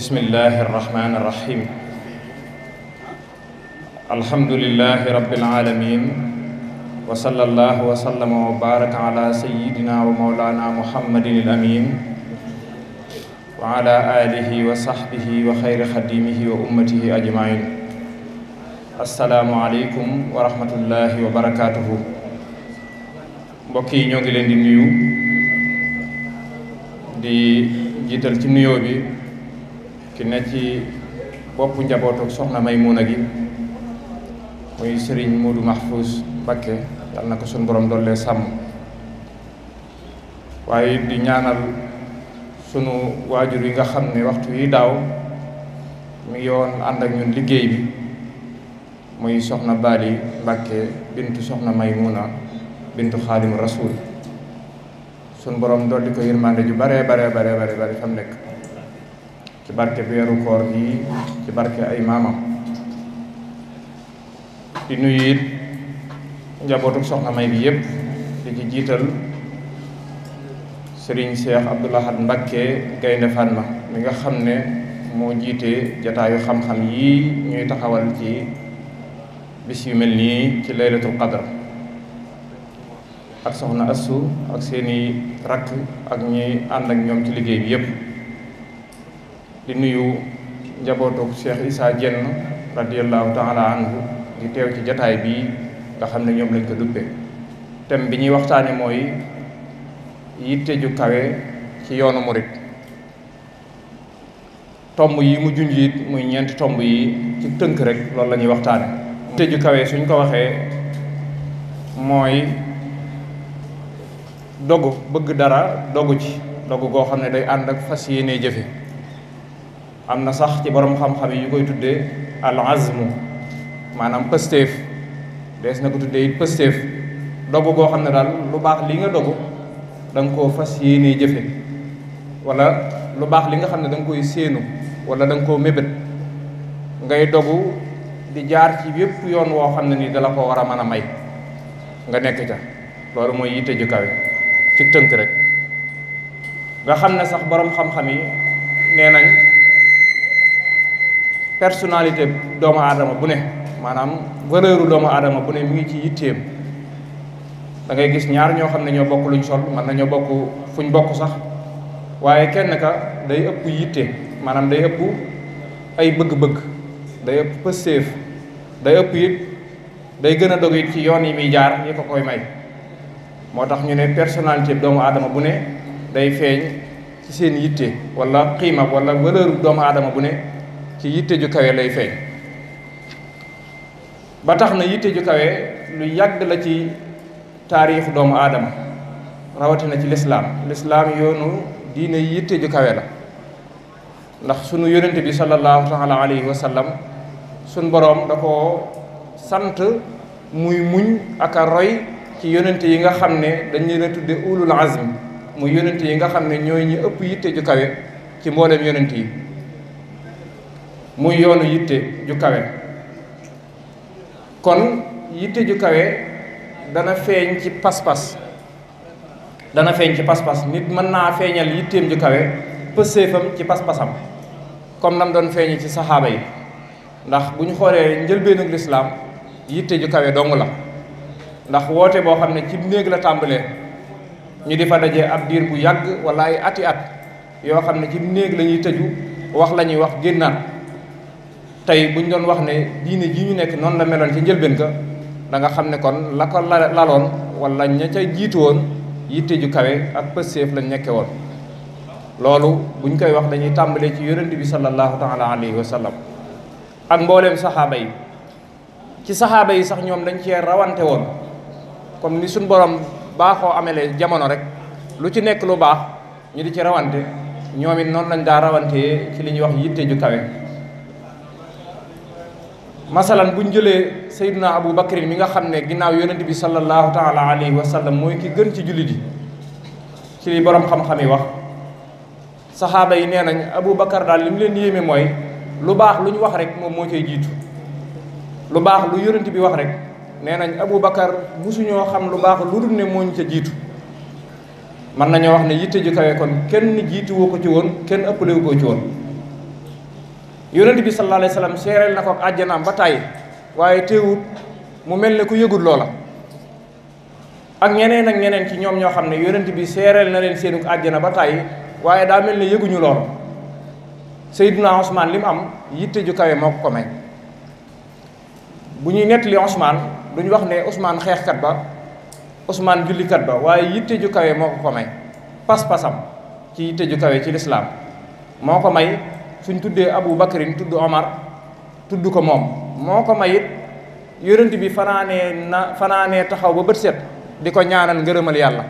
bismillahi arrahmani irrahim alhamdulilahi rabilalamin wa sala allahu wa sallama wa baraka ala sayidina wa maulana muhammadin al amin wa ala alihi wa sahbihi wa xayri xadimihi wa ummatihi ajmain assalaamu aleykum wa rahmatullahi wa barakatuhu mbokk yi ñoo ngi leen di nuyu di jiital ci nuyoo bi ki ne ci bopp njabootu soxna may Maymuna gi muy Serigne Modou Mahfouz Mbacké yàlla na ko suñu borom doole sàmm waaye di ñaanal sunu waajur yi nga xam ne waxtu yi daaw mu yoon ànd ak ñun liggéey bi muy soxna Bali Mbacké bintu soxna Maymuna bintu Xaadimu Rasuul suñu borom di ko yërmande ju bare bare bare bare bare fa nekk ci barke weeru koor gi ci barke ay maamam di nuyu it soxna May bi yépp di ci jiital Serigne Cheikh Abdoul Ahad Mbacké Gaynde Fatma mi nga xam ne moo jiite jataayu xam-xam yi ñuy taxawal ci bis yu mel nii ci laylatul qadr ak soxna Assu ak seeni rakk ak ñi ànd ak ñoom ci liggéey bi yépp di nuyu njabootu Cheikh Issa Dieng radiallahu taala anhu di teew ci jataay bii nga xam ne ñoom lañ ko duppe thème bi ñuy waxtaane mooy yitte tëju kawe ci yoonu murit tomb yi mu junj it muy ñeenti tomb yi ci tënk rek loolu lañuy ñuy waxtaane yitte kawe suñ ko waxee mooy dogu bëgg dara dogu ci dogu koo xam ne day ànd ak fas yéenee jëfe am na sax ci borom xam-xam yi yu koy tuddee al azmu maanaam pësteef dees na ko tuddee it pësteef dogu goo xam ne daal lu baax li nga dogu danga koo fas yéenee jëfe wala lu baax li nga xam ne da koy séenu wala danga koo mébét ngay dogu di jaar ci yépp yoon woo xam ne nii dala ko war a mën a may nga nekk ca loolu mooy yitte ju ci tënk rek nga xam ne sax boroom xam-xam yi nee nañ personnalité doomu aadama bu ne maanaam valeur doomu aadama bu ne mu ngi ci yitteem dangay gis ñaar ñoo xam ne ñoo bokk luñ sol mën nañoo bokk fu ñu bokk sax waaye kenn ka day ëpp yitte maanaam day ëpp ay bëgg-bëgg day ëpp pëstéef day ëpp it day gën a dog it ci yoon yi muy jaar yi ko koy may moo tax ñu ne personnalité doomu aadama bu ne day feeñ ci seen yitte wala xiima wala valeur doomu aadama bu ne ci yitte ju kawe lay feeñ ba tax na yitte ju kawe lu yàgg la ci taarixu doomu aadama rawatina ci lislaam lislaam yoonu diine yitte ju kawe la ndax sunu yonente bi sallallahu taala alayhi wa sallam sunu boroom da sant muy muñ ak a roy ci yonente yi nga xam ne dañ leen a tudde ulul azm muy yonente yi nga xam ne ñooy ñi ëpp yitte ju kawe ci mboolem yonent yi muy yoonu yitte ju kawe kon yitte ju kawe dana feeñ ci pas dana feeñ ci pas nit mën naa feeñal yitteem ju kawe pëseefam ci pas-pasam comme nam doon feeñi ci saxaaba yi ndax bu ñu xoolee njëlbeenu lislaam yitte ju kawe dong la ndax woote boo xam ne ci néeg la tàmbalee ñu di fa dajee ab diir bu yàgg walla ay ati at yoo xam ne ci néeg lañuy ñuy tëju wax la ñuy wax génnaat tey bu ñu doon wax ne diine ji ñu nekk noonu la meloon ci njëlbeen ka da nga xam ne kon la la laloon wala ña ca jiitu woon yitte ju kawe ak pësseef lañ nekke woon loolu buñ koy wax dañuy tàmbalee ci yonent bi sallallahu taala alayhi wa sallam ak mbooleem saxaaba yi ci saxaaba yi sax ñoom dañ cee rawante woon comme ni suñ borom baaxoo amelee jamono rek lu ci nekk lu baax ñu di ci rawante ñoom it noonu lañ daa rawantee ci li ñuy wax yitte ju kawe masalan buñ jëlee sayduna abu bakrin mi nga xam ne ginnaaw yonent bi sallallahu taala alayhi wa sallam mooy ki gën ci jullit ci li borom xam-xam yi wax saxaaba yi nee nañ abu bakar daal li mu leen yéeme mooy lu baax lu ñu wax rek moom moo koy jiitu lu baax lu yonent bi wax rek nee nañ abu bakar musuñoo xam lu baax lu dul ne moo ñu ca jiitu mën nañoo wax ne yitte ju kawe kon kenn jiituwoo ko ci woon kenn ëppalewu koo ci woon yonent bi sallallahu alayhi wa sallam seereel na ko ak àjjanaam ba tàyyi waaye teewut mu mel ne ku yëgul loola ak ñeneen ak ñeneen ci ñoom ñoo xam ne yonent bi seereel na leen seenu àjjana ba tàyyi waaye daa mel na yëguñu loola Seydina Ousmane li mu am yitte ju kawe moo ko ko may bu ñuy nettali Ousmane duñu wax ne Ousmane xeexkat ba Ousmane jullikat ba waaye yitte ju kawe moo ko ko may pas-pasam ci yitte ju kawe ci lislaam moo ko may suñ tuddee Abu Bakrin tudd Omar tudd ko moom moo ko mayit yonent bi fanaanee na fanaanee taxaw ba bët set di ko ñaanal ngërëmal yàlla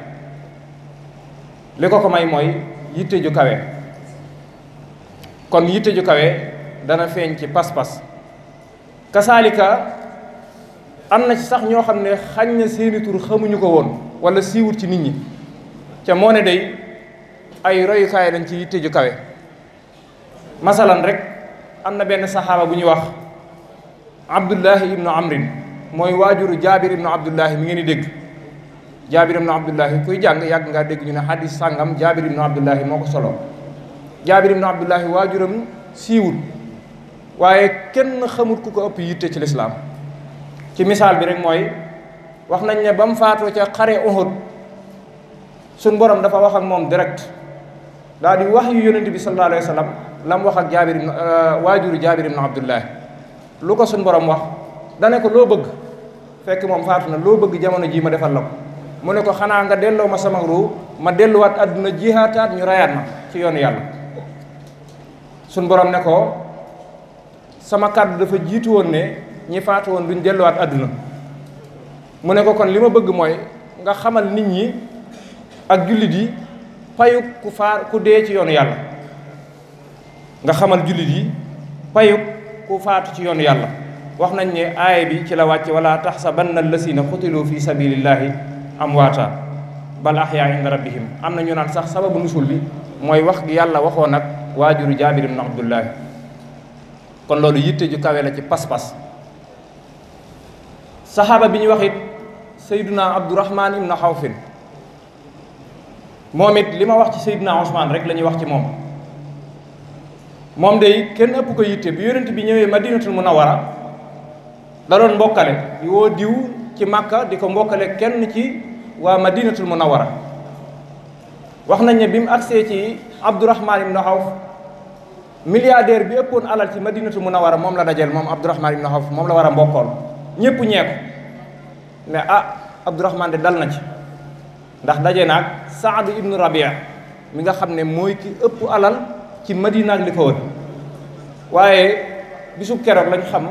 li ko ko may mooy yitte ju kawe kon yitte ju kawe dana feeñ ci pas-pas kasaalika am na sax ñoo xam ne xañ na seeni xamuñu ko woon wala siiwut ci nit ñi ca moo ne day ay royukaay lañ ci yitte ju kawe masalan rek am na benn saxaaba bu ñuy wax abdullahi ibnu amrin mooy waajuru jaabir ibnu abdullahi mi ngeen di dégg jaabir ibnu abdullahi kuy jàng yàgg ngaa dégg ñu ne xadis sàngam jaabir ibnu abdullahi moo ko solo jaabir ibnu abdullahi waajuram siiwul waaye kenn xamut ku ko ëpp yitte ci lislaam ci misaal bi rek mooy wax nañ ne ba mu faatoo ca xare Uhud suñ borom dafa wax moom direct daal di wax yu yonent bi sallallahu alayhi wa sallam la wax ak jaabir ibn euh, waajuru jaabir ibn abdullah lu ko suñ borom wax dane ko loo bëgg fekk moom faatu na loo bëgg jamono ji ma defal la ko mu ne ko xanaa nga delloo ma sama ruu ma delluwaat àdduna jihaataat ñu rayaat ci yoonu yàlla suñ borom ne ko sama kàddu dafa jiitu woon ne ñi faatu woon duñ delluwaat àdduna mu ne ko kon li ma bëgg mooy nga xamal nit ñi ak jullit yi payu ku faar ku dee ci yoonu yàlla nga xamal jullit yi payuk ku faatu ci yoon yàlla wax nañ ne aaya bi ci la wàcc walla tax wala taxsabanna allasina xutilu fi sabilillahi amwaata bal ahyaa inda rabbihim am na ñu naan sax sababu nusul bi mooy wax gi yàlla waxoon nag waajuru jaabir ibn abdullahi kon loolu yitte ju kawe la ci pas-pas saxaaba bi ñu wax it sayduna abdourahman ibn xawfin moom it li ma wax ci sayduna osman rek la ñuy wax ci moom moom day kenn ëpp ko yitte bi yonent bi ñëwee madinatul munawara da doon mbokkale di woo diw ci màkka di ko mbokkale kenn ci waa madinatul munawara wax nañ ne bi mu agsee ci abdourahman ibn awf milliardaire bi ëppoon alal ci madinatul munawara moom la dajeel moom abdourahman ibn awf moom la war a mbokkoon ñépp ñeeku ne ah abdourahman de dal na ci ndax daje naag saad ibnu rabia mi nga xam ne mooy ki ëpp alal ci madina ak ko wër waaye bisu keroog lañ xam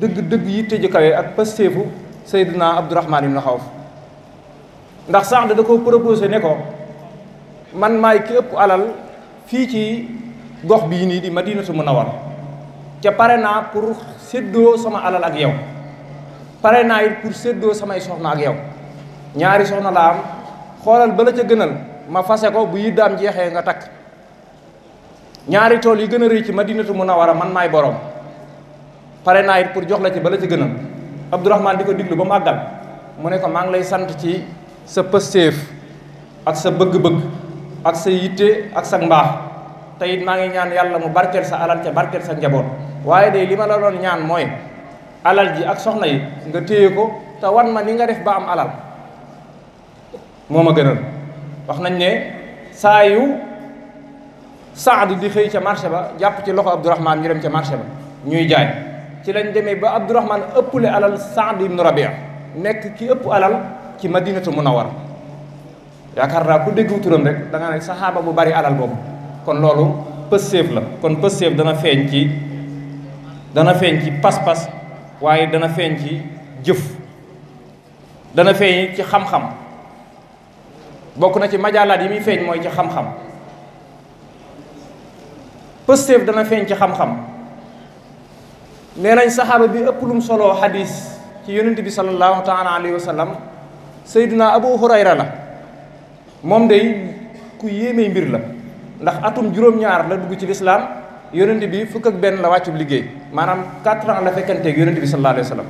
dëgg-dëgg yi tëju kawe ak pasteefu Seydina Abdourahman ibn Xawf ndax Saad da koo proposé ne ko man maay ki ëpp alal fii ci gox bii nii di ma Madinatu Munawwara ca pare naa pour séddoo sama alal ak yow pare naa it pour séddoo samay soxna ak yow ñaari soxna la am xoolal bala ca gënal ma fase ko bu yiddaam jeexee nga takk ñaari tool yi gën a rëy ci madinatu a man maay borom pare naa it pour jox la ci bala ci gënal abdourahman di ko diglu ba mu àggal mu ne ko maa ngi lay sant ci sa pëstéef ak sa bëgg-bëgg ak sa yitte ak sa mbaax te maa ngi ñaan yàlla mu barkeel sa alal ca barkeel sa njaboot waaye de li ma la doon ñaan mooy alal ji ak soxna yi nga téye ko te wan ma ni nga def ba am alal moo ma gënal wax nañ ne saa saadi di xëy ca marché ba jàpp ci loxo abdourahman ñu dem ca marché ba ñuy jaay ci lañ demee ba abdourahman ëpple alal saadi ibnu rabia nekk ci ëpp alal ci madinatu munawar yaakaar naa ku dégg turam rek da nga ne saxaaba bu bari alal boobu kon loolu pësséef la kon pësséef dana feeñ ci dana feeñ ci pas-pas waaye dana feeñ ci jëf dana feeñ ci xam-xam bokk na ci majaalaat yi muy feeñ mooy ci xam-xam bi dana feeñ ci xam-xam nee nañ saxaaba bi ëpp lum solo xadis ci yonent bi sallallahu taala alayhi wa sallam sayduna abu hurayra la moom day ku yéeme mbir la ndax atum juróom-ñaar la dugg ci lislaam yonent bi fukk ak benn la wàccub liggéey maanaam quatre ans la fekkanteeg yonent bi sallallahu alayhi wa sallam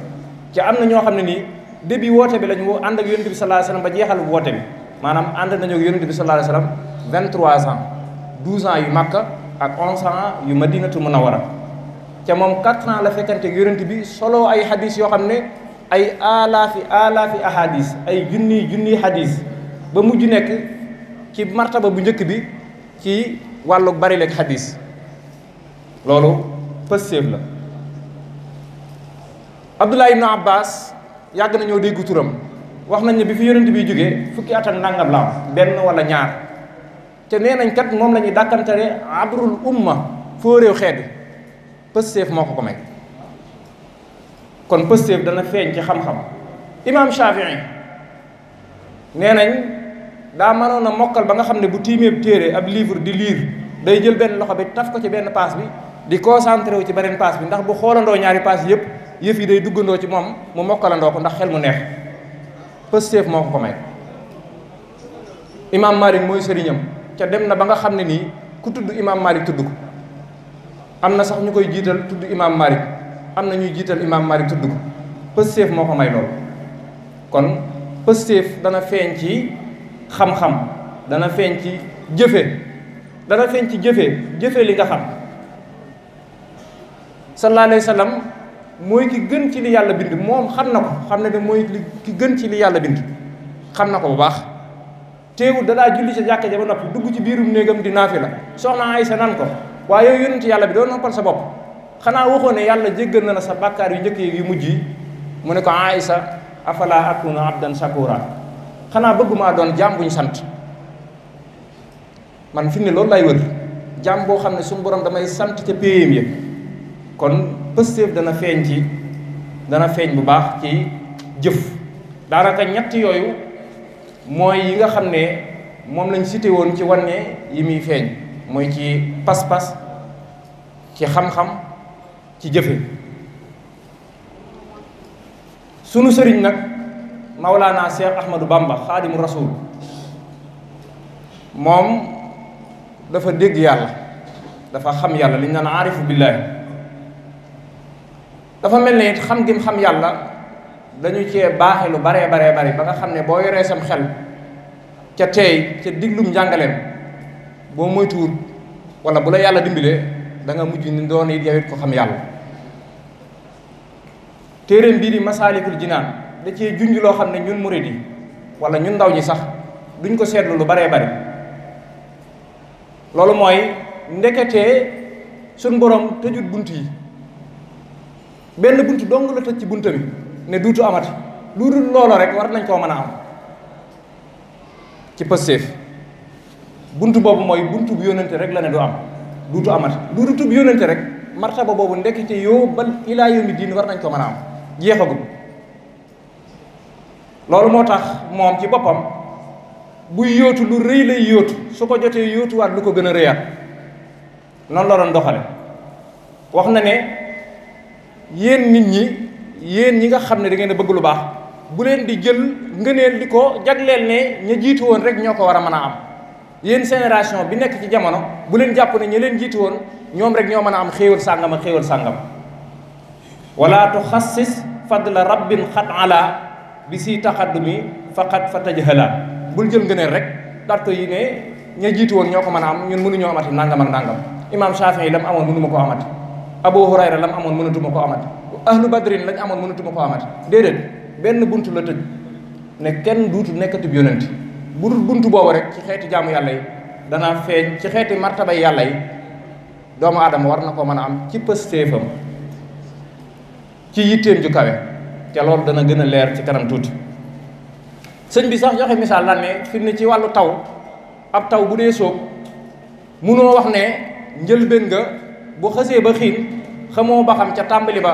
ci am na ñoo xam ne nii début woote bi la ñu ànd ak yonent bi sallallahu alayhi wa sallam ba jeexal woote bi maanaam ànd nañu ak yonent bi sallallahu alayhi wa sallam vingt-trois ans douze ans yu ak yu onze ans yu madinatu munawara ca moom quatre ans la fekkante yonent bi solo ay hadis yoo xam ne ay alaafi alaafi ahadis ay junniy junniy hadis ba mujj nekk ci martaba bu njëkk bi ci wàllu bari leeg hadis loolu pëstéef la Abdullah ibn Abbas yàgg nañoo dégg turam wax nañ ne bi fi yonent bi jógee fukki at ak nangam la am benn walla ñaar te nee nañ kat moom la ñuy dàkkantale abrul umma foo réew xeet bi pësteef moo ko ko may kon pësteef dana feeñ ci xam-xam imaam Shafii nee nañ daa mënoon a mokkal ba nga xam ne bu tiimeeb téere ab livre di liir day jël benn loxo bi taf ko ci benn paas bi di concentré wu ci beneen paas bi ndax bu xoolandoo ñaari paas yëpp yëf yi day duggandoo ci moom mu mokkalandoo ko ndax xel mu neex pësteef moo ko ko may imaam Maalik mooy sëriñam ca dem na ba nga xam ne nii ku tudd imaam Malik tudd ko am na sax ñu koy jiital tudd imaam Malik am na ñuy jiital imaam Malik tudd ko pëstéef moo ko may loolu kon pëstéef dana feeñ ci xam-xam dana feeñ ci jëfe dana feeñ ci jëfe jëfe li nga xam sallallahu alayhi wa sallam mooy ki gën ci li yàlla bind moom xam na ko xam ne de mooy ki gën ci li yàlla bind xam na ko bu baax teewul danaa julli ca jàkka ja ba noppi dugg ci biirum néegam di naafi la soxna Aysa nan ko waaye yow yonent yàlla bi doo noppal sa bopp xanaa waxoo ne yàlla jéggal na la sa bàkkaar yu njëkk yu mujj yi mu ne ko Aysa afala akuna abdan xanaa bëggumaa doon jaam buñ sant man fi ne loolu lay wër jaam boo xam ne suñu borom damay sant ca péyam ya kon pëstéef dana feeñ ci dana feeñ bu baax ci jëf daanaka ñett yooyu mooy yi nga xam ne moom lañ cité woon ci wanne yi muy feeñ mooy ci pas-pas ci xam-xam ci jëfe sunu sëriñ nag Maulana Cheikh Ahmadou Bamba xaadimu rasul moom dafa dégg yàlla dafa xam yàlla li nga naan aarifu billaahi dafa mel ne xam gim xam yàlla dañu cee baaxe lu baree baree bari ba nga xam ne boo yoree sam xel ca teey ca diglum njàngaleem boo moytuwul wala bu la yàlla dimbalee danga mujj ni doon it yow it ko xam yàlla téeréem bii di masaalikul jinaan da cee junj loo xam ne ñun murid yi wala ñun ndaw ñi sax duñ ko seetlu lu baree bari loolu mooy ndeketee suñ borom tëjut bunt yi benn bunt dong la tëj ci bunta bi ne duutu amati lu dul loola rek war nañ koo mën a am ci pastéef bunt boobu mooy buntu bu yónnante rek la ne du am duutu amati lu dul tub yónnante rek martaba boobu ndekete yoo bal ilaa yawmi diin war nañ ko mën a am jeexagul loolu moo tax moom ci boppam buy yóotu lu rëy lay yóotu su ko jotee yóotuwaat lu ko gën a rëyaat noonu la doon doxale wax na ne yéen nit ñi yéen ñi nga xam ne da ngeen a bëgg lu baax bu leen di jël ngëneel di ko jagleel ne ña jiitu woon rek ñoo ko war a mën a am yéen génération bi nekk ci jamono bu leen jàpp ne ña leen jiitu woon ñoom rek ñoo mën a am xéewal sàngam ak xéewal sàngam wala tuxassis fadla rabbin xat ala bi si taxaddumi faqat fa tajhala bul jël ngëneel rek daat ko yi ne ña jiitu woon ñoo ko mën a am ñun mënuñoo amati nangam ak nangam imaam Shaafi'i lam amoon mënuma ko amati Abu Hurayra lam amoon mënatuma ko amati ahlu badrin lañ amoon mënatuma ko amat déedéet benn bunt la tëj ne kenn duutu nekkatib yonent bu dul bunt boobu rek ci xeeti jàmm yàlla yi danaa feeñ ci xeeti martabay yàlla yi doomu aadama war na ko mën a am ci pëstéefam ci yitteem ju kawe te loolu dana gën a leer ci kanam tuuti sëñ bi sax joxe misaal lan ne fi ne ci wàllu taw ab taw bu dee sóob munoo wax ne njëlbéen ga bu xësee ba xiin xamoo ba xam ca tàmbali ba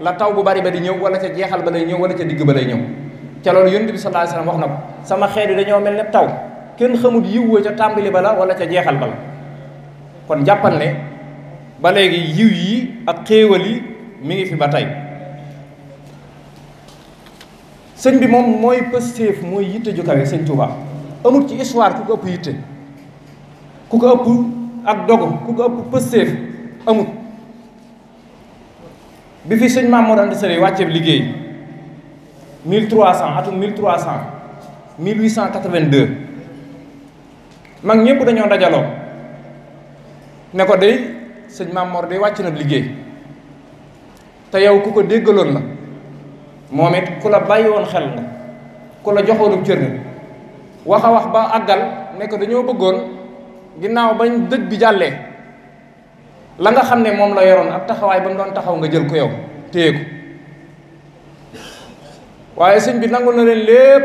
la taw bu bari ba di ñëw wala ca jeexal ba lay ñëw wala ca digg ba lay ñëw ca loolu yonent bi sallallahu alayhi wasallam wax na ko sama xeet yi dañoo mel ne taw kenn xamul yiw wa ca tàmbali ba la wala ca jeexal ba la kon jàppal ne ba léegi yiw yi ak xéewal yi mi ngi fi ba tey sëñ bi moom mooy pëstéef mooy yitte ju kawe sëñ Touba amul ci histoire ku ko ëpp yitte ku ko ëpp ak dogu ku ko ëpp pëstéef amul bi fi sëñ Maam Mor Anta Sali wàcceeb liggéey 1300 atum 1300 1882 mag ñëpp dañoo dajaloo ne ko day sëñ Maam Mor wàcc na liggéey te yow ku ko déggaloon la moom it ku la bàyyi woon xel nga ku la joxoonum cër nga wax a wax ba àggal ne ko dañoo bëggoon ginnaaw bañ dëj bi jàllee la nga xam ne moom la yoroon ab taxawaay ba mu doon taxaw nga jël ko yow téye ko waaye sëñ bi nangu na leen lépp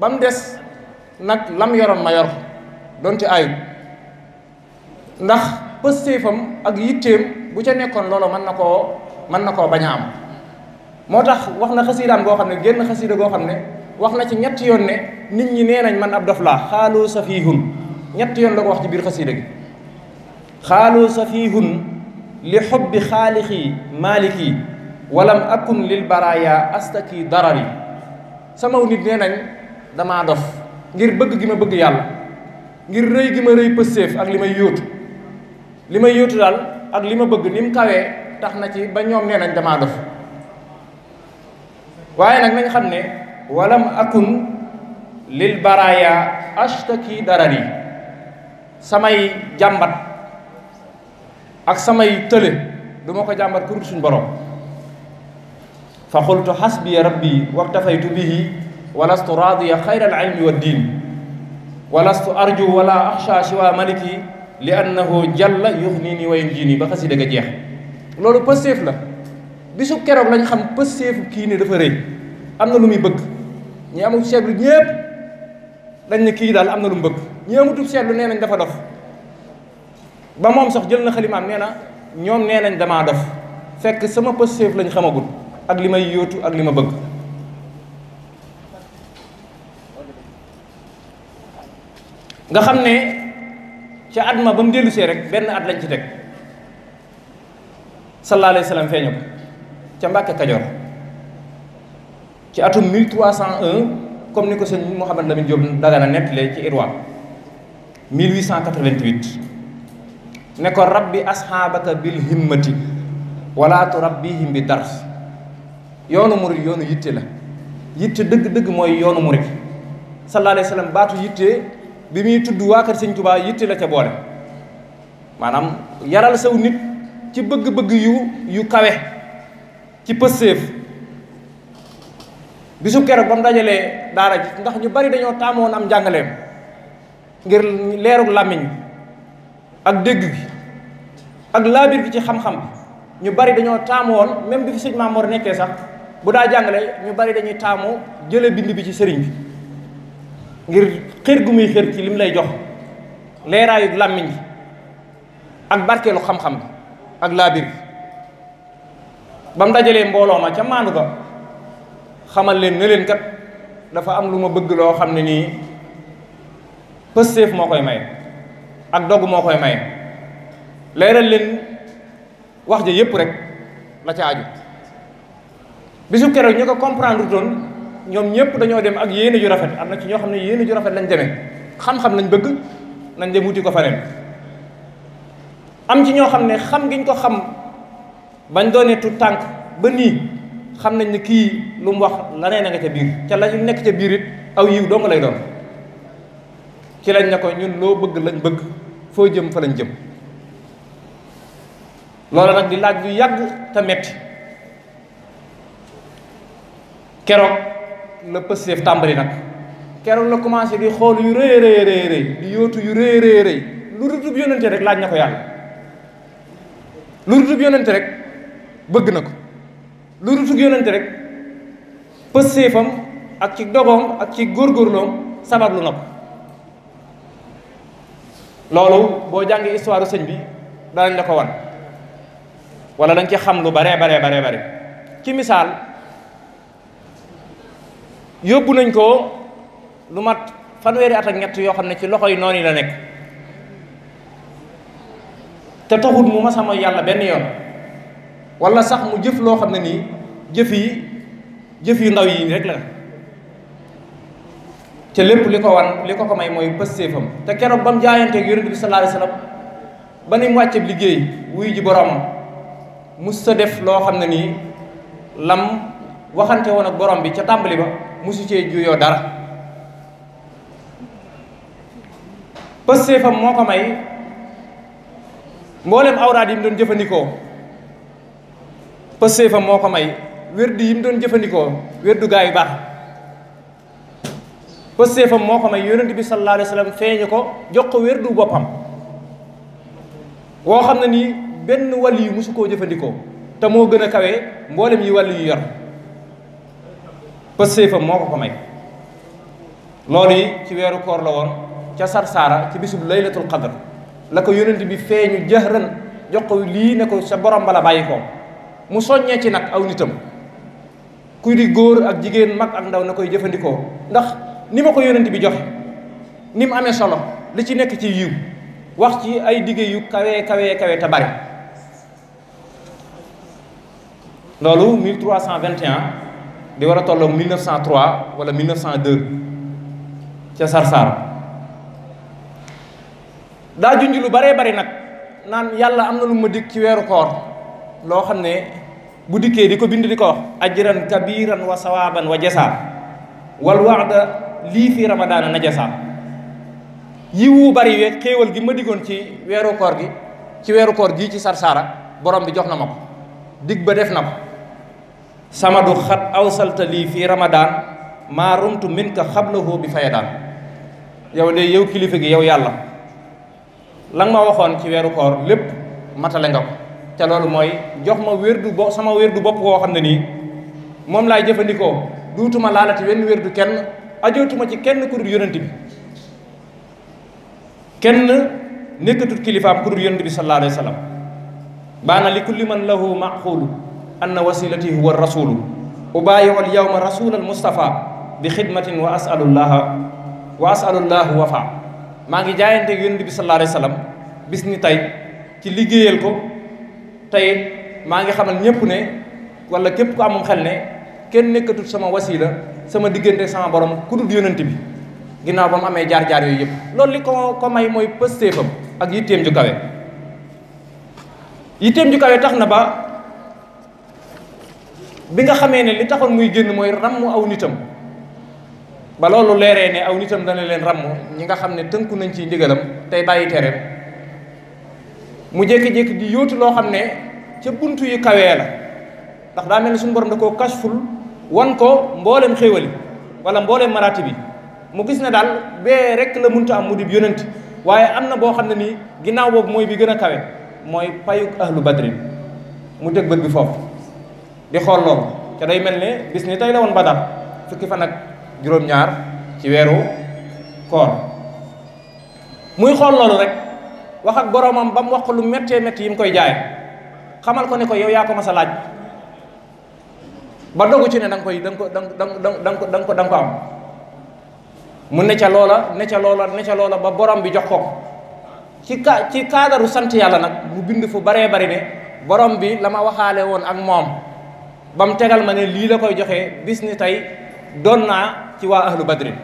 ba mu des nag lam yoroon ma yor doon ci ayut ndax pëstéefam ak yitteem bu ca nekkoon loolu mën na koo mën na koo bañ am moo tax wax na xasiidaam goo xam ne génn xasiida goo xam ne wax na ci ñett yoon ne nit ñi nee nañ man ab dof laa xaaloo xaalu safihun ñetti yoon la ko wax ci biir xasiida gi xaaloo safihun li xubbi xaalixi maaliki walam akun lil baraaya astaki darari samaw nit nee nañ damaa ngir bëgg bëgg yàlla ngir rëy gi ak li may yóotu li may yóotu daal ak li ma bëgg ni mu tax na ci ba ñoom nañ damaa dof waaye nag nañ xam ne walam akun lil baraaya astaki darari samay jàmbat ak samay tële du ma ko jàmbat kurut suñ borom fa qultu xasbiya rabbi waktafaytu bihi walastu raadiya xayra al ilmi wa diin walastu arju wala axsha siwa maliki li annahu jalla yuxnini wa yunjini ba xasida ga jeex loolu pëstéef la bisu keroog lañ xam pëstéefu kii ne dafa rëy am na lu muy bëgg ñi amul seetlu ñépp dañ ne kii daal am na lu mu bëgg ñi amutub seetlu nee nañ dafa dof ba moom sax jël na xalimaam nee na ñoom nee nañ damaa dof fekk sama pëstéef lañ xamagul ak li may yóotu ak li ma bëgg nga xam ne ca at ma ba mu dellusee rek benn at lañ ci teg sallallahu alayhi wa sallam feeñu ko ca Mbàkke Kajoor ci atum 1301 comme ni ko sëñ Mouhamed Lamine Diop Dagana nettalee ci Irwa 1888 ne ko rabbi asxaabaka bil himmati walaatu rabbihim bi dars yoonu murit yoonu yitte la yitte dëgg-dëgg mooy yoonu murit sallallahu alayhi wa sallam baatu yitte bi muy tudd waa kër Sëñ Tuubaa yitte la ca boole maanaam yaral sew nit ci bëgg-bëgg yu yu kawe ci pësséef bisu ker ba mu dajalee daara ji ndax ñu bari dañoo taamoon am njàngaleem ngir leerug làmmiñ ak dégg gi ak laabir gi ci xam-xam bi ñu bari dañoo taamu woon même bi fi sëñ Maamoor nekkee sax bu daa jàngale ñu bari dañuy taamu jële bind bi ci sëriñ bi ngir xër gu muy xër ci lim lay jox leeraayu làmmiñ gi ak barkeelu xam-xam bi ak laabir gi ba mu dajalee mbooloo ma ca maandu ga xamal leen ne leen kat dafa am lu ma bëgg loo xam ne nii pësteef moo koy maye ak dogg moo koy maye leeral leen wax ja yépp rek la ca aju bisu keroog ñu ko comprendre doon ñoom ñëpp dañoo dem ak yéene ju rafet am na ci ñoo xam ne yéene ju rafet lañ demee xam-xam lañ bëgg nañ dem wuti ko faneen am ci ñoo xam ne xam giñ ko xam bañ doonee tu tànk ba nii xam nañ ne kii lu mu wax laneen a nga ca biir ca la ñu nekk ca biir it aw yiw dong lay doon ci lañ ne ko ñun loo bëgg lañ bëgg foo jëm fa lañ jëm loolu nag di laaj lu yàgg te metti keroog la pësteef tàmbali nag keroog la commencé di xool yu rëy rëy rëy di yóotu yu rëy rëy rëy lu dutub yónnante rek laaj na ko yàlla lu dutub yónnante rek bëgg na ko lu dutub yónnante rek pësteefam ak ci dogoom ak ci góorgóorloom sabablu na ko loolu boo jàngee histoire sëñ bi danañ la ko wan wala dañ ci xam lu baree baree baree bare ci misaal yóbbu nañ ko lu mat fanweeri at ak ñett yoo xam ne ci loxo yi noonu la nekk te taxut mu mas a yàlla benn yoon wala sax mu jëf loo xam ne nii jëf yi jëf yu ndaw yi rek la te lépp li ko wan li ko ko may mooy pëstéefam te keroog ba mu jaayanteeg yonent bi sallallahu alayhi wasallam ba ni wàcceeb liggéey wuy ji boroomam mus sa def loo xam ne nii lam waxante woon ak borom bi ca tàmbali ba musu cee juyoo dara pëstéefam moo ko may mboolem awraad yim doon jëfandikoo pëstéefam moo ko may wér yi mu doon jëfandikoo wér gaa yu baax pëstéefam moo ko may yonent bi sallallahu alayhi wa sallam feeñu ko jox ko wérdu boppam woo xam ne nii benn wàll yu mosu koo jëfandikoo te moo gën a kawee mboolem yi wàll yu yor pëstéefam moo ko ko may loolu yi ci weeru koor la woon ca sarsaara ci bisub laylatul qadr la ko yonent bi feeñu jëxran jox ko lii ne ko sa borom bala bàyyi ko mu soññee ci nag aw nitam kuy di góor ak jigéen mag ak ndaw na koy jëfandikoo ndax ni ma ko yonent bi joxe ni mu amee solo li ci nekk ci yiw wax ci ay digge yu kawe kawe kawe te bari loolu di war a tolloo 1903 wala 1902 ca Sarsara daa junj lu baree bari nag naan yàlla am na lu ma dikk ci weeru koor loo xam ne bu dikkee di ko bind di ko wax ajran kabiran wa sawaban wa jasa wal waxda lii fi ramadaana najasa yiwu bari we xéewal gi ma diggoon ci weeru koor gi ci weeru koor gii ci sarsaara borom bi jox na ma ko dig ba def na ko sama du xat awsalta lii fii ramadaan maa rumtu min ka xablahu bi fayadaan yow de yow kilifa gi yow yàlla lan nga ma waxoon ci weeru koor lépp matale nga ko te loolu mooy jox ma wérdu bo sama wérdu bopp koo xam ne nii moom laay jëfandikoo duutuma laalati wenn wérdu kenn ajootuma ci kenn ku dul yonent bi kenn nekkatul kilifaam ku dul yonent bi sallallahu alayhi wa sallam baana li kulli man lahu maxuulu anna wasilati huwa rasulu ubaayiu al yawma rasula bi xidmatin wa asalullaha wa asalullahu maa ngi jaayanteeg yonent bi sallallahu alayhi wa sallam bis ni tey ci liggéeyal ko tey maa ngi xamal ñépp ne wala képp ku amum xel ne kenn nekkatul sama wasila sama diggante sama borom ku dul yonent bi ginnaaw ba mu amee jaar-jaar yooyu yëpp loolu li ko ko may mooy pëstéefam ak yitteem ju kawe yitteem ju kawe tax na ba bi nga xamee ne li taxoon muy génn mooy ram aw nitam ba loolu leeree ne aw nitam dana leen ràmm ñi nga xam ne tënku nañ ci ndigalam tey bàyyi tereem mu jékki-jékki di yóotu loo xam ne ca bunt yu kawee la ndax daa mel ne suñu borom da koo kasful wan ko mbooleem xéewali wala mbooleem maraati bi mu gis ne daal bee rek la munta am mu dib yonent waaye am na boo xam ne nii ginnaaw boobu mooy bi gën a kawe mooy payuk lu badrin mu teg bët bi foofu di xool loolu te day mel ne gis ni tey la woon badar fukki fan ak juróom-ñaar ci weeru koor muy xool loolu rek wax ak boroomam ba mu wax lu méttee mett yi mu koy jaay xamal ko ne ko yow yaa ko mas laaj ba dogu ci ne da nga koy da nga ko da nga ko da nga ko da nga ko am mu ne ca loola ne ca loola ne ca loola ba borom bi jox ko ci ka ci kaadaru sant yàlla nag mu bind fu baree bari ne borom bi la ma waxaale woon ak moom ba mu tegal ma ne lii la koy joxe bis ni tey doon naa ci waa ahlu badrin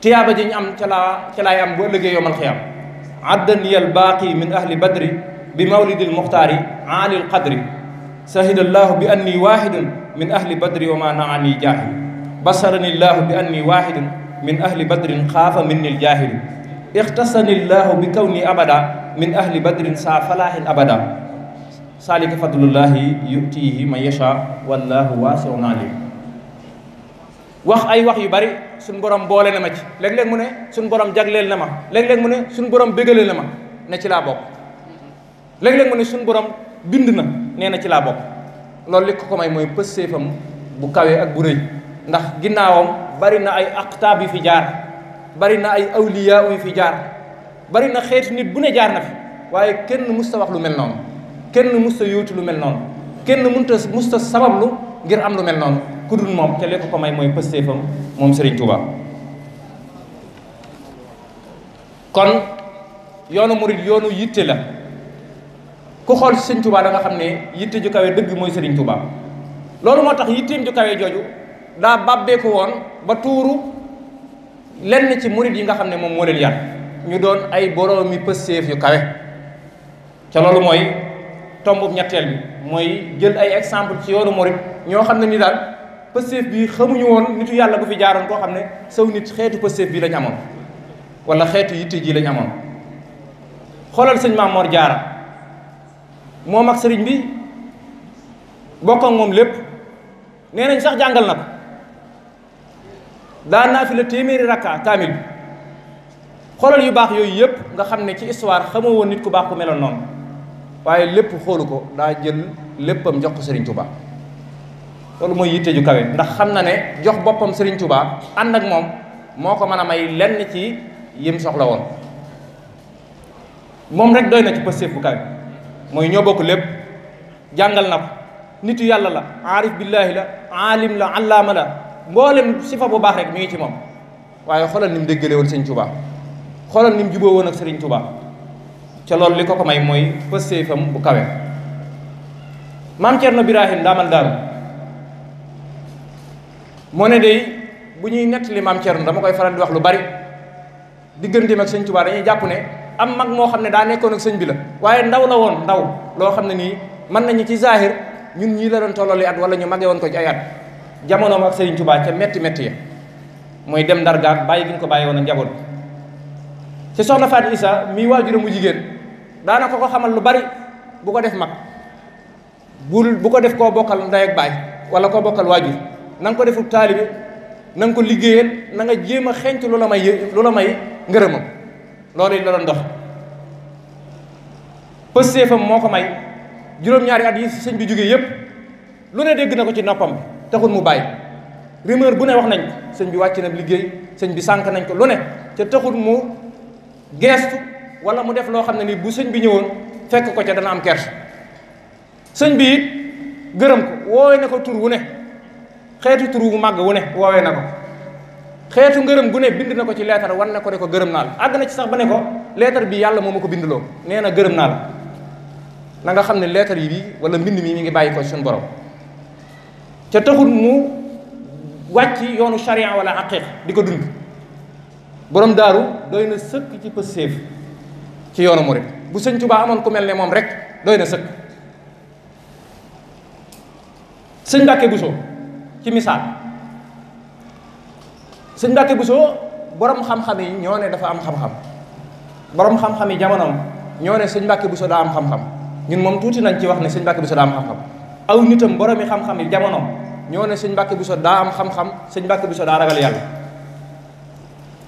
tiyaaba ji ñu am ca laa ca laay am bu ëllëgee yowmal xiyam addaniyal baaqi min ahli badri bi mawlidil muxtaari aalil qadri shahida allahu bi anni wahidun min ahli badri wa ma naani jahil basarani allahu bi anni wahidun min ahli badrin xaafa minni ljahil ixtasani allahu bi kawni abada min ahli badrin saa falaahin abada saalika fadlullahi yutiihi man yasha wallahu waasiun alim wax ay wax yu bari suñ borom boole na ma ci léeg-léeg mu ne suñ borom jagleel na ma léeg-léeg mu ne suñ borom bégaleel na ma ne ci laa bokk léeg-léeg mu ne suñ borom bind na nee na ci laa bokk loolu li ko ko may mooy pëstéefam bu kawee ak bu rëy ndax ginnaawam bari na ay aqtaab yu fi jaar bari na ay awliya yu fi jaar bari na xeetu nit bu ne jaar na fi waaye kenn musta wax lu mel noonu kenn musta yóotu lu mel noonu kenn munta musta sabablu ngir am lu mel noonu ku dul moom te li ko ko may mooy pëstéefam moom Serigne Touba kon yoonu murid yoonu yitte la ku xool ci sëñ Touba da nga xam ne yitte ju kawe dëgg mooy sëriñ Touba loolu moo tax yitteem ju kawe jooju daa bàbbeeku woon ba tuuru lenn ci murit yi nga xam ne moom moo leen yar ñu doon ay boroomi pëstéef yu kawe ca loolu mooy tombub ñetteel bi mooy jël ay exemple ci yoonu murit ñoo xam ne ni daal pëstéef bii xamuñu woon nitu yàlla bu fi jaaroon koo xam ne saw nit xeetu pëstéef bi lañ amoon wala xeetu yitte ji lañ amoon xoolal sëñ Maam Mor moom ak sëriñ bi bokk ak moom lépp nee nañ sax jàngal na ko daan naa fi la téeméeri rakka kaamil bi xoolal yu baax yooyu yëpp nga xam ne ci histoire xamoo woon nit ku baax ku meloon noonu waaye lépp xoolu ko daa jël léppam jox ko Serigne Touba loolu mooy yitte ju kawe ndax xam na ne jox boppam sëriñ Touba ànd ak moom moo ko mën a may lenn ci yim soxla woon moom rek doy na ci pëstéef bu kawe. mooy ñoo bokk lépp jàngal na ko nitu yàlla la aarif billaahi la aalim la allaama la mboolem sifa bu baax rek mi ngi ci moom waaye xoolal nim mu déggale woon sëñ Tuubaa xoolal ni mu juboo woon ak sëriñ Tuubaa ca loolu li ko ko may mooy pëstéefam bu kawe maam Cerno Birahim ndaamal daaru moo ne day bu ñuy li maam Cerno dama koy faral di wax lu bari digganteem ak sëñ Tuubaa dañuy jàpp ne am mag moo xam ne daa nekkoon ak sëñ bi la waaye ndaw la woon ndaw loo xam ne nii mën nañu ci zahir ñun ñii la doon tollali at wala ñu mage woon ko ci ay at jamonoom ak Serigne Touba ca metti metti ya mooy dem Ndar gaag bàyyi gi ñu ko bàyyi woon a njaboot ci soxna Fatou Issa mii waajuram mu jigéen daana ko ko xamal lu bari bu ko def mag bul bu ko def koo bokkal ndey ak baay wala koo bokkal waajur na nga ko deful taalibe na nga ko liggéeyal na nga jéem a xenc lu la may lu la may ngërëmam loolu it la doon dox pëstéefam moo ko may juróom-ñaari at sëñ bi jógee yépp lu ne dégg na ko ci noppam taxul mu bàyyi rumeur bu ne wax nañ ko sëñ bi wàcc na liggéey sëñ bi sànq nañ ko lu ne ca taxul mu geestu wala mu def loo xam ne nii bu sëñ bi ñëwoon fekk ko ca dana am kersa sëñ bi it gërëm ko woowee na ko tur wu ne xeetu tur wu màgg wu ne woowee na ko xeetu ngërëm gu ne bind na ko ci leetar wan na ko ne ko gërëm naa la àgg na ci sax ba ne ko leetar bi yàlla moom ma ko bindloo nee na gërëm naa la na nga xam ne leetar yi bi wala mbind mi mi ngi bàyyi ko suñu borom ca taxul mu wàcc yoonu charia wala aqiq di ko dund borom daaru doy na sëkk ci pës séef ci yoonu murid bu sëñ Tuubaa amoon ku mel ne moom rek doy na sëkk sëñ Mbàkke Buso ci misaal sëñ Mbàkke Buso borom xam-xam yi ñoo ne dafa am xam-xam borom xam-xam yi jamonoom ñoo ne sëñ bu so daa am xam-xam ñun moom tuuti nañ ci wax ne sëñ Mbàkke Buso am xam-xam aw nitam boromi xam-xam yi jamonoom ñoo ne sëñ Mbàkke Buso daa am xam-xam sëñ Mbàkke Buso daa ragal yàlla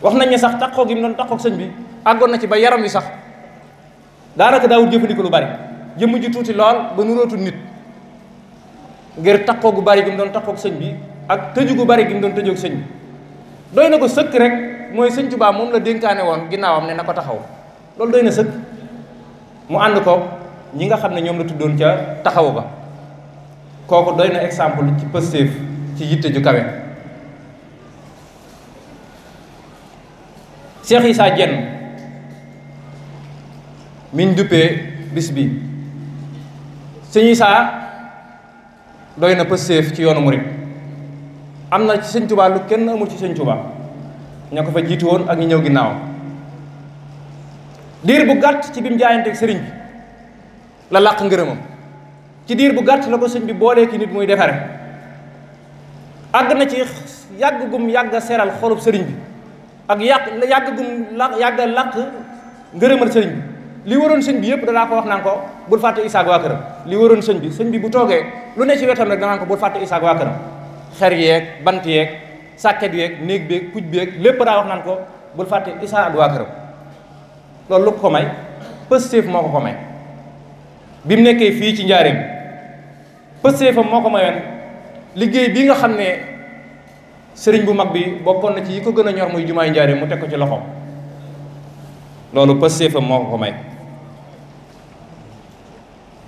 wax nañ ne sax takkoo gi mu doon takkoo sëñ bi àggoon na ci ba yaram wi sax daanaka daawul jëfandikoo lu bari jëmm ji tuuti lool ba nurootul nit ngir takkoo gu bari gi mu doon takkoo sëñ bi ak tëju gu bari gi mu doon tëjoog sëñ bi doy na ko sëkk rek mooy sëñ Tuubaa moom la dénkaane woon ginnaawam ne na ko taxaw loolu doy na sëkk mu ànd ko ñi nga xam ne ñoom la tuddoon ca taxaw ba kooku doy na exemple ci positif ci yitte ju kawe Cheikh Issa Diène miñ duppee bis bi sëñ Issa doy na positif ci yoonu murit am na ci sëñ Tuubaa lu kenn amul ci sëñ Tuubaa ña ko fa jiitu woon ak ñu ñëw ginnaaw diir bu gàtt ci bi mu sëriñ bi la làq ngërëmam ci diir bu gàtt la ko sëñ bi boolee ki nit muy defare àgg na ci yàgg gum yàgg a seral xolub sëriñ bi ak yàq yàgg gum la yàgg a làq ngërëmal sëriñ bi li waroon sëñ bi yëpp danaa ko wax naan ko bul fàtte isaag waa këram li waroon sëñ bi sëñ bi bu toogee lu ne ci wetam rek danaan ko bul fàtte isaag waa këram xer yeeg bant yeeg sàkket yeeg néeg beeg puj beeg lépp daa wax naan ko bul fàtte isaa ak waa këram loolu lu ko may pëstéef moo ko ko may bi mu nekkee fii ci njaareem pëstéefam moo ko mayoon liggéey bi nga xam ne sëriñ bu mag bi bokkoon na ci yi ko gën a ñor muy jumaay njaareem mu teg ko ci loxoom loolu pëstéefam moo ko ko may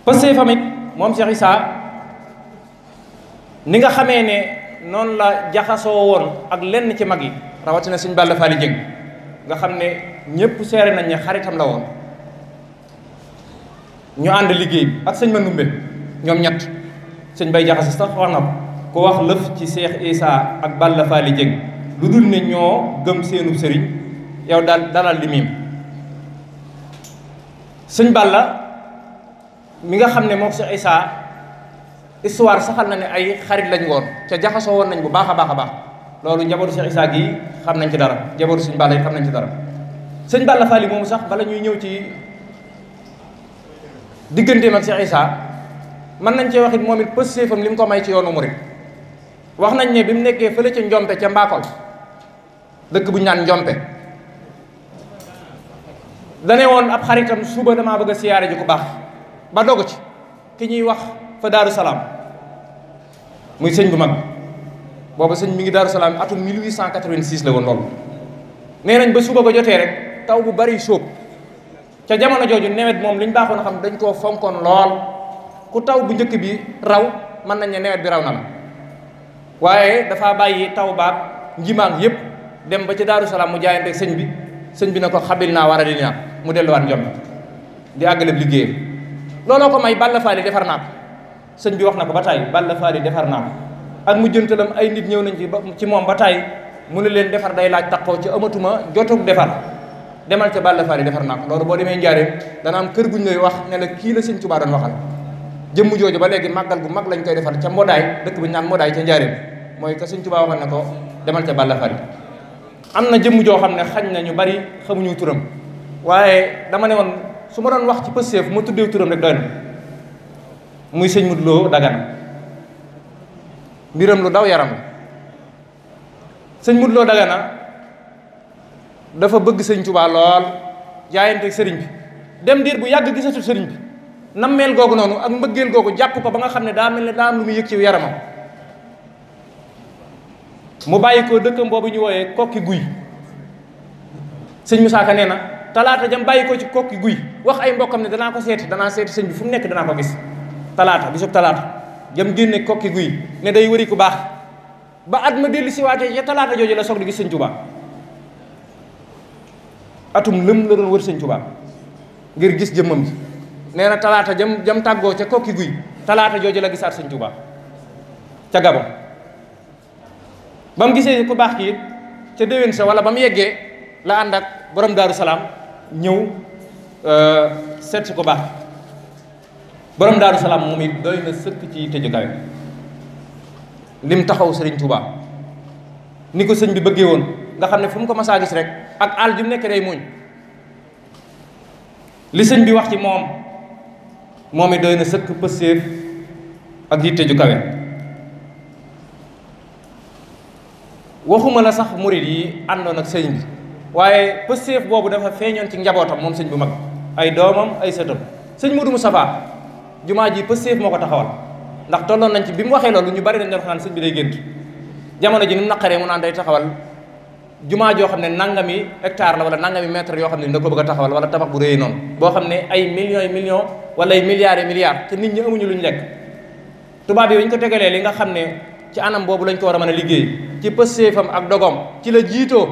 pëstéefam it moom Cheikh Isaa ni nga xamee ne noonu la jaxasoo woon ak lenn ci mag yi rawatina sëñ Balla Fally Dieng nga xam ne ñëpp seere nañ ne xaritam la woon ñu ànd liggéey bi ak sëñ Mandoumbe ñoom ñett sëñ Bay jaxas sax wax na ko wax lëf ci Cheikh Issa ak Balla Fally Dieng lu dul ne ñoo gëm seenu sëriñ yow daal dalal li miim sëñ Balla mi nga xam ne moo Cheikh Issa histoire saxal na ne ay xarit lañ woon ca jaxasoo woon nañ bu baax a baax a baax loolu njabootu Cheikh Issa gi xam nañ ci dara njabootu Sëñ Balla yi xam nañ ci dara Sëñ Balla Fally moomu sax bala ñuy ñëw ci digganteem ak Cheikh Issa mën nañ cee waxit moom it pësséefam li mu ko may ci yoonu rek wax nañ ne bi mu nekkee fële ca njompe ca mbaakol dëkk bu ñu naan njompe dane woon ab xaritam suba damaa bëgg a siyaare ji ku baax ba dogu ci ki ñuy wax fa daaru salaam muy sëñ bu mag booba sëñ mi ngi daaru salaam atum 1886 la woon loolu nee nañ ba suba ba jotee rek taw bu bari sóob ca jamono jooju nawet moom li ñu baaxoon xam dañ koo fonkoon lool ku taw bu njëkk bi raw mën nañ ne nawet bi raw na la waaye dafa bàyyi taw baat njimaan yépp dem ba ci daaru salaam mu jaayante sëñ bi sëñ bi na ko xabil naa war a dinaa mu delluwaat njom di àggale liggéeyam looloo ko may Balla Faali defar sëñ bi wax na ko ba tàyyi Balla Faali defar naa ko ak mujjantalam ay nit ñëw nañ ci ba ci moom ba tàyyi mu ne leen defar day laaj taxaw ci amatuma jotug defar demal ca Balla Faali defar naa ko loolu boo demee Njaareem dana am kër guñ lay wax ne la kii la sëñ Tuubaa doon waxal jëmm jooju ba léegi màggal gu mag lañ koy defar ca Modaay dëkk bi naan Modaay ca Njaareem mooy ka sëñ Tuubaa waxal na ko demal ca Balla am na jëmm joo xam ne xañ na ñu bari xamuñu turam waaye dama ne woon su ma doon wax ci pëseef ma tuddee turam rek doy na muy sëñ Modou Lo Dagana mbiram lu daw yaram la sëñ mutloo Lo Dagana dafa bëgg sëñ Touba lool jaayanteeg sëriñ bi dem diir bu yàgg gisatu sëriñ bi nammeel googu noonu ak mbëggeel googu jàpp ko ba nga xam ne daa mel ne daa am lu mu yëg ci yaramam mu bàyyi ko dëkkam boobu ñu wooyee kokki guy sëñ Moussa Ka nee na talaata jam bàyyi ko ci kokki guy wax ay mbokkam ne danaa ko seeti danaa seeti sëñ bi fu mu nekk danaa ko gis talaata bisub talaata jëm génne kokki guy ne day wëri ku baax ba at ma dellu siwaatee ca talaata jooju la soog di gis sëñ Tuubaa atum lëm la doon wër sëñ Tuubaa ngir gis jëmmam ji nee na talaata jam jam tàggoo ca kokki guy talaata jooju la gisaat sëñ Tuubaa ca Gabon ba mu gisee ku baax kii ca déwén sa wala ba mu yeggee la ànd ak borom Daaru Salaam ñëw euh, seet si ku baax borom daaru salaam moom it doy na sëkk ci tëju kawe lim taxaw sëriñ Touba ni ko sëñ bi bëggee woon nga xam ne fu mu ko masaa gis rek ak àll ju mu nekk day muñ li sëñ bi wax ci moom moom it doy na sëkk pësséef ak yi ju kawe waxuma la sax murit yi àndoon ak sëñ bi waaye pësséef boobu dafa feeñoon ci njabootam moom sëñ bu mag ay doomam ay sëtam sëñ Modou Moustapha jumaa ji pëstéef moo ko taxawal ndax tolloon nañ ci bi mu waxee loolu ñu bari dañ doon xanaan sëñ bi day gént jamono ji ni mu naqaree mu naan day taxawal jumaa joo xam ne nangami hectare la wala nangami mètre yoo xam ne da ko bëgg a taxawal wala tabax bu rëy noonu xam ne ay millions yi millions wala ay te nit ñi amuñu lu ñu lekk tubaab yi ñu ko tegalee li nga xam ne ci anam boobu lañ ko war a mën a liggéey ci pëstéefam ak dogoom ci la jiitoo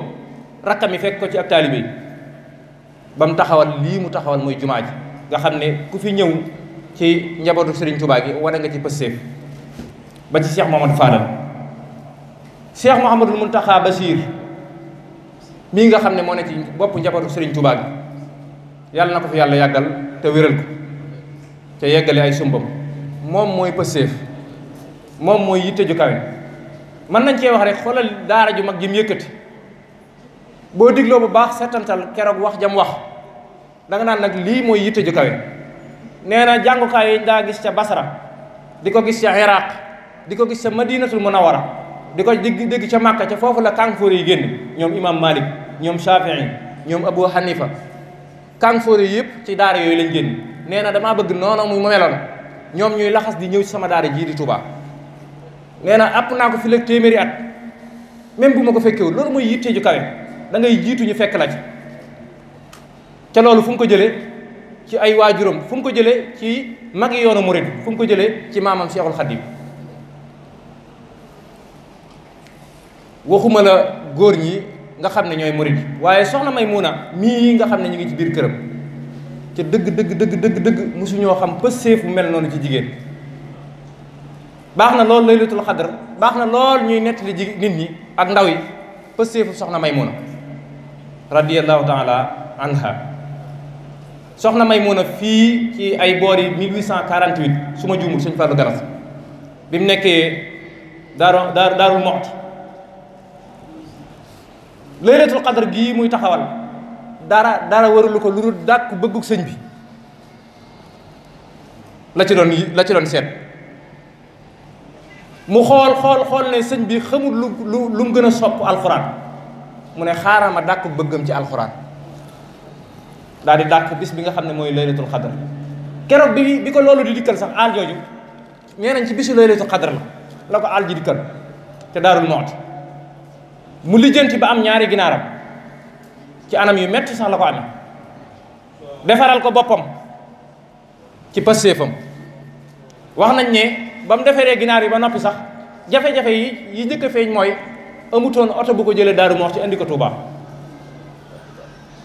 rakkam mi fekk ko ci ak taalibe ba mu taxawal lii mu taxawal mooy jumaa ji nga xam ne ku fi ñëw ci njabootu Serigne Touba gi wane nga ci pëstéef ba ci Cheikh Mouhamadou Fadal Cheikh Mouhamadou Mountakha Bachir mii nga xam ne moo ne ci bopp njabootu Serigne Touba gi yàlla na ko fi yàlla yàggal te wéral ko te yeggale ay sumbam moom mooy pëstéef moom mooy yitte kawe mën nañ cee wax rek xoolal daara ju mag ji yëkkati boo digloo bu baax setantal keroog wax jam wax danga naan nag lii mooy yitte ju kawe nee na jàngukaay yi daa gis ca Basra di ko gis ca Iraq di ko gis ca Madinatul a di ko dégg dégg ca Màkka ca foofu la kàngfoor yi génn ñoom Imam Malik ñoom Shafii ñoom Abu Hanifa kàngfoor yi yëpp ci daar yooyu lañ génn nee na damaa bëgg noonu mu meloon ñoom ñuy laxas di ñëw sama daara jii di Touba nee na àpp naa ko fi léegi téeméeri at même bu ma ko fekkewul loolu mooy yitte ju kawe da ngay jiitu ñu fekk la ci ca loolu fu mu ko jëlee. ci ay waajuram fu mu ko jëlee ci magi yoonu murid fu mu ko jëlee ci maamam Seexul Xadiim waxuma la góor ñi nga xam ne ñooy murid waaye soxna Maymuna mii nga xam ne ñu ngi ci biir këram ca dëgg dëgg dëgg dëgg dëgg mosu ñoo xam pëseef mu mel noonu ci jigéen baax na lool laylatul xadar baax na lool ñuy nettali ji nit ñi ak ndaw yi pëseefu soxna Maymuna radiyallahu taala anha soxna Maymuna fii ci ay boor yi 1848 su ma juumul sëñ Fallou Garas bi mu nekkee daaru daarul Muxti laylatul qadar gii muy taxawal dara dara warulu ko lu dul dàkk bëggug sëñ bi la ci doon la ci doon seet mu xool xool xool ne sëñ bi xamul lu lu lu mu gën a sopp alxuraan mu ne xaaral ma dàkk bëggam ci alxuraan daal di dàkk bis bi nga xam ne mooy laylatul xadar keroot bi bi ko loolu di dikkal sax aal jooju nee nañ ci bisu laylatul xadar la la ko aal ji dikkal te daarul moot mu lijjanti ba am ñaari ginaaram ci anam yu metti sax la ko amee defaral ko boppam ci passeefam wax nañ ne ba mu defaree ginaar yi ba noppi sax jafe-jafe yi yi njëkk feeñ mooy amutoon oto bu ko jëlee daaru moox ci indi ko Tuubaa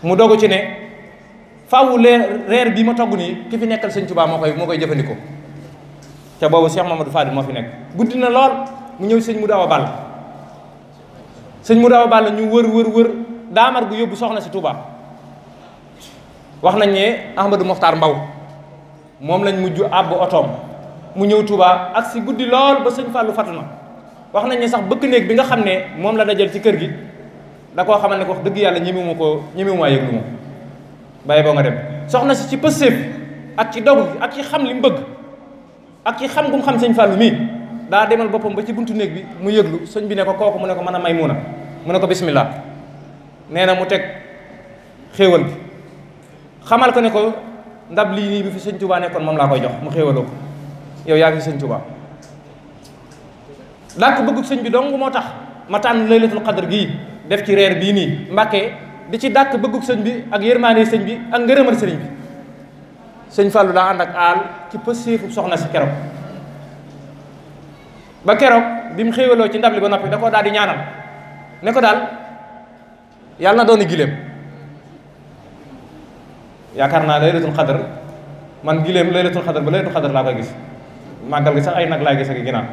mu dogu ci ne faaw leer reer bi ma togg nii ki fi nekkal sëñ Tuubaa moo koy moo koy jëfandikoo te boobu Cheikh Mamadou Fadil moo fi nekk guddi na lool mu ñëw sëñ mu daaw a sëñ mu daaw a ball ñu wër wër wër daamar gu yóbbu soxna si Tuubaa wax nañ ne Ahmadou Mokhtar Mbaw moom lañ mujj àbb otoom mu ñëw Tuubaa ak si guddi lool ba sëñ Fallou fatu na wax nañ ne sax bëkk néeg bi nga xam ne moom la dajal ci kër gi da koo xamal ne ko dëgg yàlla ñemewuma ko ñemewumaa yëg lu bàyyi boo nga dem soxna si ci pësséef ak ci dogu ak ci xam li mu bëgg ak ci xam gu mu xam sëñ Fallou mii daa demal boppam ba ci buntu néeg bi mu yëglu sëñ bi ne ko kooku mu ne ko mën a may muuna mu ne ko bismillah nee na mu teg xéewal bi xamal ko ne ko ndab lii nii bi fi sëñ Touba nekkoon moom laa koy jox mu xéewaloo ko yow yaa ngi fi sëñ Touba làkk bëggu sëñ bi dong moo tax ma tànn laylatul qadr gii def ci reer bii nii Mbàkke di ci dàkk bëggug sëñ bi ak yërmaane sëñ bi ak ngërëmal sëriñ bi sëñ Fallou daa ànd ak aal ci pësiifu soxna si keroog ba keroog bi mu xéewaloo ci ndab li ba noppi da daal di ñaanam nekko daal yàlla na doon gileem yaakaar naa laylatul xadar man gileem laylatul xadar ba laylatul xadar laa koy gis màggal gi sax ay nag laay gis ak ginaar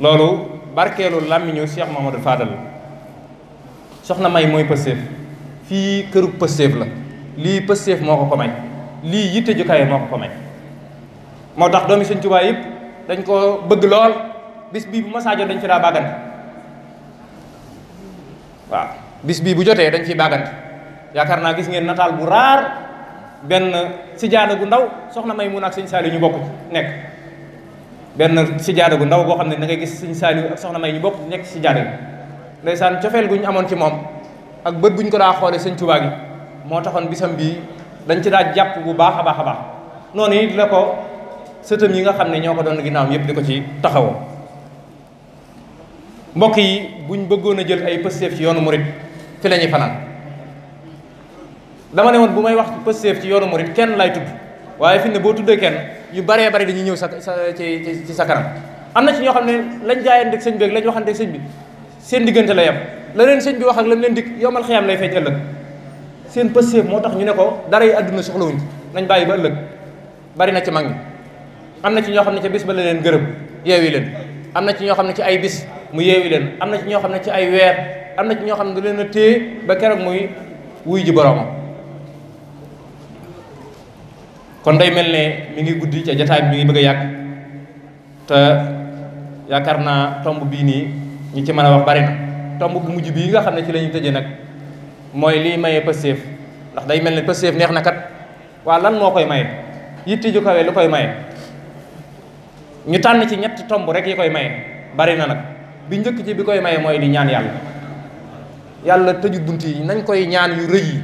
loolu barkeelu làmmiñu Cheikh Mamadou Fadal soxna may mooy Pastef fii këru Pastef la lii Pastef moo ko ko may lii yitte jukaay moo ko ko may moo tax doomi Sëñ Tuubaa yëpp dañ ko bëgg lool bis bii bu ma saa jot dañ fi daa bàggante waaw bis bii bu jotee dañ ciy bàggante yaakaar naa gis ngeen nataal bu raar benn si jaada gu ndaw soxna may mun ak sëñ Saaliw ñu bokk nekk benn si jaada gu ndaw boo xam ne da ngay gis sëñ Saaliw ak soxna may ñu bokk nekk si jaada gi ndeysaan cofeel gu ñu amoon ci moom ak bët bu ñu ko daa xoole sëñ Tuubaa gi moo taxoon bisam bii dañ ci daa jàpp bu baax a baax a baax noonu it la ko sëtëm yi nga xam ne ñoo ko doon ginnaawam yëpp di ko ci taxawoo mbokk yi buñ bëggoon a jël ay pësteef ci yoonu murit fi la ñuy fanaan dama ne woon bu may wax pësteef ci yoonu murit kenn laay tudd waaye fi ne boo tuddee kenn yu baree bari dañuy ñëw sa sa ci ci sa kanam am na ci ñoo xam ne lañ jaayanteeg sëñ bi ak lañ waxanteeg sëñ bi seen diggante la yam la leen sëñ bi wax ak la leen dikk yomal xiyaam lay feeñ ëllëg seen pëstéef moo tax ñu ne ko dara yi àdduna soxlawuñ nañ bàyyi ba ëllëg bari na ci mag ñi am na ci ñoo xam ne ca bis ba la gërëm yeewi leen am na ci ñoo xam ne ci ay bis mu yeewi leen am na ci ñoo xam ne ci ay weer am na ci ñoo xam ne du leen a téye ba keroog muy wuy ji boroomam kon day mel ne mi ngi guddi ca jataay bi mi ngi bëgg a yàgg te yaakaar naa tomb bii nii ñu ci mën a wax bari na tomb bu mujj bii nga xam ne ci la ñuy tëjee nag mooy liy maye pësteef ndax day mel ne pësteef neex na kat waa lan moo koy maye yitti ju kawe lu koy maye ñu tànn ci ñetti tomb rek yi koy maye bari na nag bi njëkk ci bi koy maye mooy di ñaan yàlla yàlla tëju bunt yi nañ koy ñaan yu rëy yi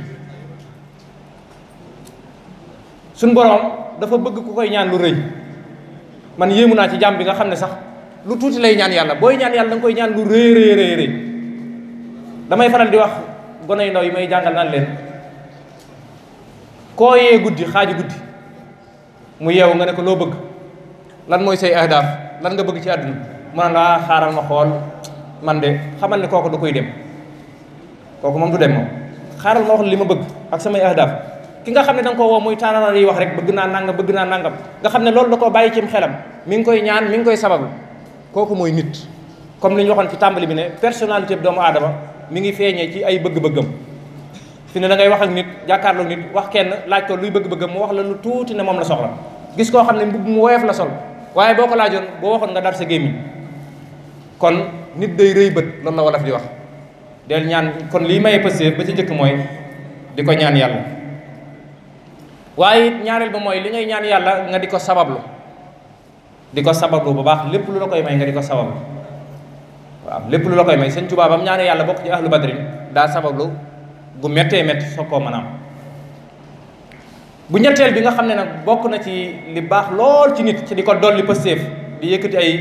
suñ boroom dafa bëgg ku koy ñaan lu rëy man yéemu naa ci jàmm bi nga xam ne sax lu tuuti lay ñaan yàlla booy ñaan yàlla da nga koy ñaan lu rëy rëy rëy damay faral di wax gone yu ndaw yi may jàngal naan leen koo yee guddi xaaju guddi mu yeewu nga ne ko loo bëgg lan mooy say ahdaaf lan nga bëgg ci àdduna mu naan ah, xaaral ma xool man de xamal ne kooku du koy dem kooku moom du dem xaaral ma wax li bëgg ak samay ahdaaf ki nga xam ne da nga koo woo muy wax rek bëgg naa nangam bëgg naa nangam nga ne loolu da koo bàyyi cim xelam mi ngi koy ñaan mi ngi koy sababu kooku mooy nit comme li ñu waxoon ci tàmbali bi ne personnalité bi doomu aadama mi ngi feeñee ci ay bëgg-bëggam fi ne da ngay wax ak nit jàkkaarloo nit wax kenn laaj ko luy bëgg-bëggam mu wax la lu tuuti ne moom la soxla gis koo xam ne mbubb mu woyof la sol waaye boo ko laajoon boo waxoon nga dar sa gémmiñ kon nit day rëy bët loolu la wolof di wax del ñaan kon lii maye pëstéef ba ci njëkk mooy di ko ñaan yàlla waaye ñaareel ba mooy li ngay ñaan yàlla nga di ko sabablu di ko sabablu bu baax lépp lu la koy may nga di ko sabablu waaw lépp lu la koy may sañ Tuubaa ba mu ñaanee yàlla bokk ci ahlu badrin daa sabablu gu méttee métti soog koo mën bu ñetteel bi nga xam ne nag bokk na ci li baax lool ci nit ci di ko dolli pësteef di yëkkati ay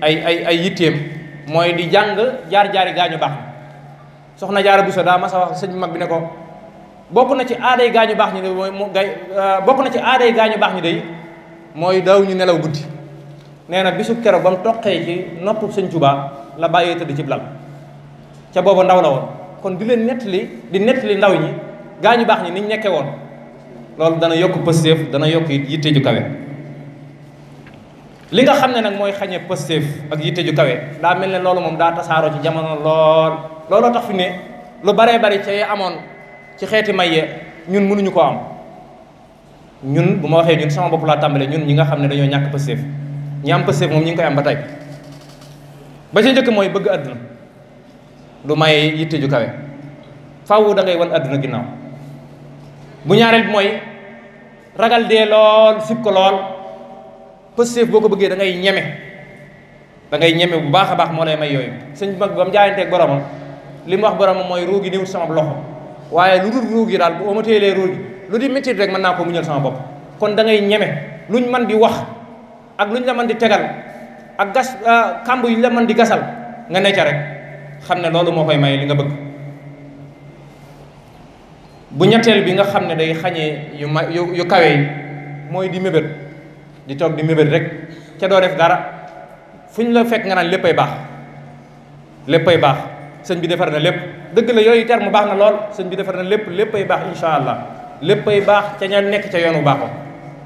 ay ay ay yitteem mooy di jàng jaar-jaari gaañu baax soxna jaara Buso daa mas a sëñ mag bi ne bokk na ci aaday gaañu baax ñi de mooy mu gay ah, bokk na ci aaday gaañu baax ñi de mooy daaw ñu nelaw guddi nee na bisub keroog ba mu toqee ci nopp sëñ Tuubaa la bàyyee tëdd ci lal ca booba ndaw la woon kon di leen nettali di nettali ndaw ñi gaa ñu baax ñi niñ nekkee woon loolu dana yokk pëstéef dana yokk yitte ju kawe li nga xam ne nag mooy xañe pëstéef ak yitte ju kawe daa mel ne loolu moom daa tasaaroo ci jamono lool looloo tax fi ne lu baree bari ca amoon ci xeeti maye ñun mënuñu ko am ñun bu ma waxee ñun sama bopp laa tàmbalee ñun ñi nga xam ne dañoo ñàkk pëstéef ñi am pëstéef moom ñi ngi koy am ba tey ba ca njëkk mooy bëgg àdduna du may yitte ju kawe faaw da ngay wan àdduna ginnaaw bu ñaareel bi mooy ragal dee lool sib ko lool pëstéef boo ko bëggee da ngay ñeme da ñeme bu baax a baax moo lay may yooyu sëñ mag ba mu jaayanteeg boromam li mu wax boromam mooy ruugi néew sama loxo waaye lu dul ruugi daal bu omatee lee ruugi lu di métti rek mën naa ko muñal sama bopp kon dangay ngay ñeme luñ man di wax ak lu ñu la mën di tegal ak gas ah, kàmb yu ñu la man di gasal nga ne ca rek xam ne loolu moo koy may li nga bëgg bu ñetteel bi nga xam ne day xañee yu ma yu yu kawe yi mooy di mébét di toog di mébét rek ca doo def dara fu ñu la fekk nga naan ay baax lépp ay baax sëñ bi defar na lépp dëgg la yooyu terme baax na lool sëñ bi defar na lépp léppay baax incha allah ay baax ca ña nekk ca yoonu baaxoo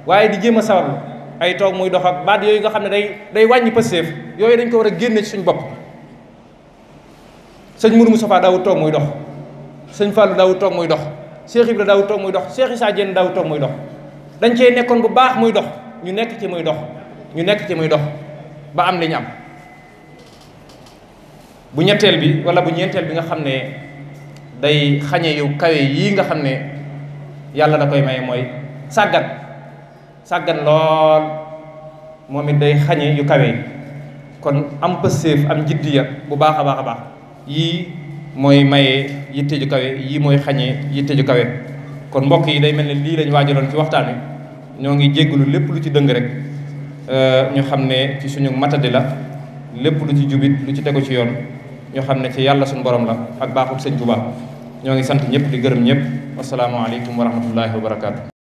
waaye di jéem a sawarlu ay toog muy dox ak baat yooyu nga xam ne day day wàññi pasteef yooyu dañ ko war a génne ci suñ bopp sëñ Mourou Moustapha daawut toog muy dox sëñ Fallou daawut toog muy dox Cheikh Ibra daawut toog muy dox Cheikh Issa Diène daawut toog muy dox dañ cee nekkoon bu baax muy dox ñu nekk ci muy dox ñu nekk ci muy dox ba am li ñu am bu ñetteel bi wala bu ñeenteel bi nga xam ne day xañe yu kawe yii nga xam ne yàlla da koy may mooy sàggat sàggan lool moom it day xañe yu kawe kon am pëseef am jiddiya bu baax a baax a baax yii mooy maye yitte ju kawe yii mooy xañe yitte ju kawe kon mbokk yi day mel ne lii lañ waajaloon ci waxtaan wi ñoo ngi jéggalu lépp lu ci dëng rek euh, ñu xam ne ci suñu matadi la lépp lu ci jubit lu ci tegu ci yoon ñu xam ne ci yàlla suñu borom la ak baaxul sëñ Tuubaa ñoo ngi sant ñëpp di gërëm ñëpp wasalaamualeykum wa rahmatullahi wa barakaatu.